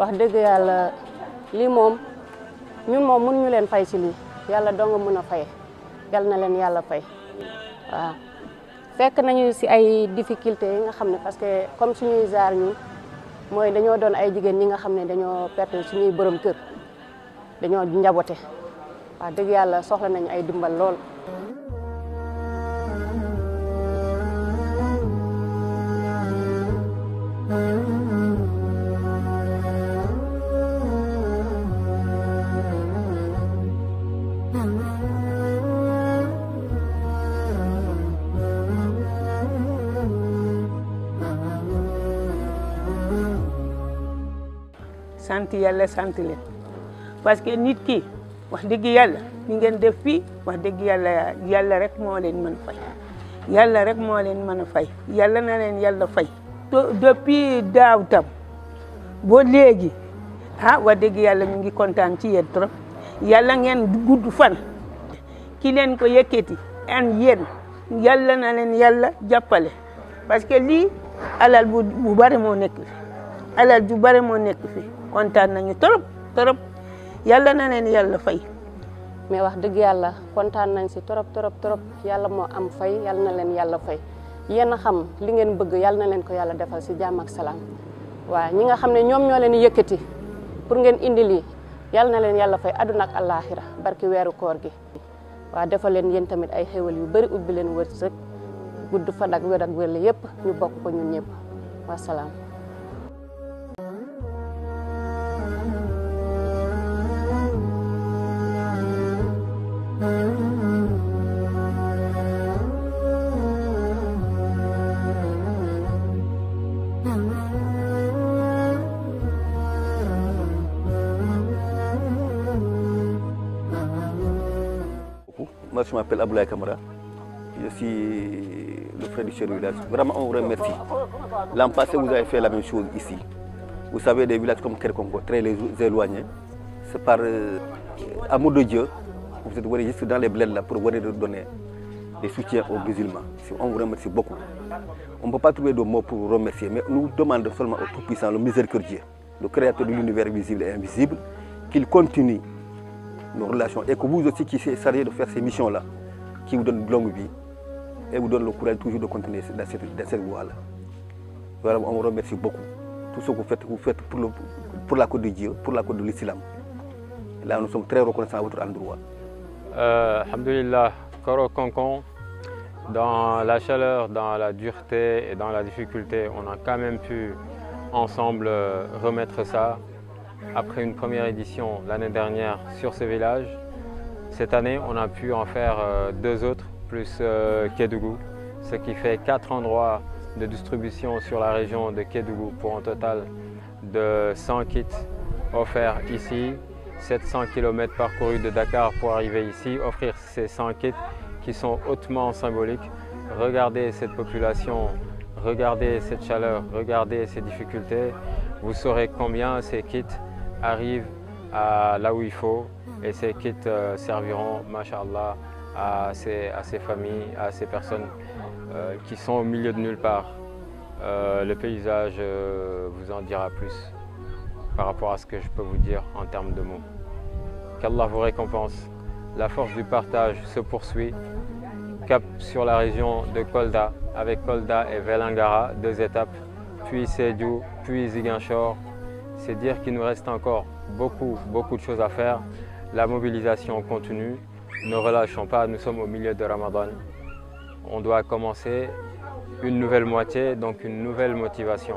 wax dëgg yàlla lii moom ñun moom mënuñu leen fay si lii yàlla dong mun a fay yal na leen yàlla fay waaw fekk nañu si ay difficulté yi nga xam ne parce que comme suñuy jaar ñun mooy dañoo doon ay jigéen ñi nga xam ne dañoo perte suñuy borom kër dañoo njaboote wax dëgg yàlla soxla nañu ay dimbal lool sant yalla sant le parce que nit ki wax deug yalla ni ngeen def fi wax deug yalla yalla rek mo len man fay yalla rek mo len man fay yalla na len yalla fay depuis daw tam bo legi ha ah, wa deug yalla mi ngi contane ci yéen trop yalla ngeen gudd fan ki len ko yeketti an yen, yalla na len yalla jappale parce que li alal bu bu bari alal ju bare mo nek fi contane nañu torop torop yalla na len yalla fay me wax deug yalla contane nañ si torop torop torop Yalla mo am fay yalla na len yalla fay yeen xam li ngeen bëgg yalla na len ko yalla defal ci jàmm ak salaam ñi nga xam ne ñoom ñoo leen yëkëti pour ngeen indi li yalla na len yalla fay aduna ak alakhirah barki wëru koor gi wa defal len yeen tamit ay xewal yu bari ubbi len wërsëg gudd fa nak wér ak wër yépp ñu bokk ko ñun ñëpp salam Moi, je m'appelle Aboulaye Kamara. Je suis le frère du chef du village. Vraiment, on vous remercie. L'an passé, vous avez fait la même chose ici. Vous savez, des villages comme Kerkongo, très éloignés, c'est par euh, amour de Dieu. Vous êtes venu juste dans les bleds là pour vous donner des soutiens aux musulmans. On vous remercie beaucoup. On ne peut pas trouver de mots pour remercier, mais nous demandons seulement au Tout-Puissant, le miséricordieux, le Créateur de l'univers visible et invisible, qu'il continue nos relations et que vous aussi qui essayez de faire ces missions-là, qui vous donne une longue vie et vous donne le courage toujours de continuer dans cette, voie-là. on vous remercie beaucoup. Tout ce que vous faites, vous faites pour, la cause de Dieu, pour la cause de l'islam. Là, nous sommes très reconnaissants à votre endroit. Euh, corps au concon, dans la chaleur, dans la dureté et dans la difficulté, on a quand même pu ensemble euh, remettre ça après une première édition l'année dernière sur ce village. Cette année, on a pu en faire euh, deux autres, plus euh, Kédougou, ce qui fait quatre endroits de distribution sur la région de Kédougou pour un total de 100 kits offerts ici 700 km parcourus de Dakar pour arriver ici, offrir ces 100 kits qui sont hautement symboliques. Regardez cette population, regardez cette chaleur, regardez ces difficultés. Vous saurez combien ces kits arrivent à là où il faut et ces kits euh, serviront, mashallah, à ces, à ces familles, à ces personnes euh, qui sont au milieu de nulle part. Euh, le paysage vous en dira plus par rapport à ce que je peux vous dire en termes de mots. Qu'Allah vous récompense. La force du partage se poursuit. Cap sur la région de Kolda, avec Kolda et Velangara, deux étapes, puis Seydou, puis Ziguinchor. C'est dire qu'il nous reste encore beaucoup, beaucoup de choses à faire. La mobilisation continue. Ne relâchons pas, nous sommes au milieu de Ramadan. On doit commencer une nouvelle moitié, donc une nouvelle motivation.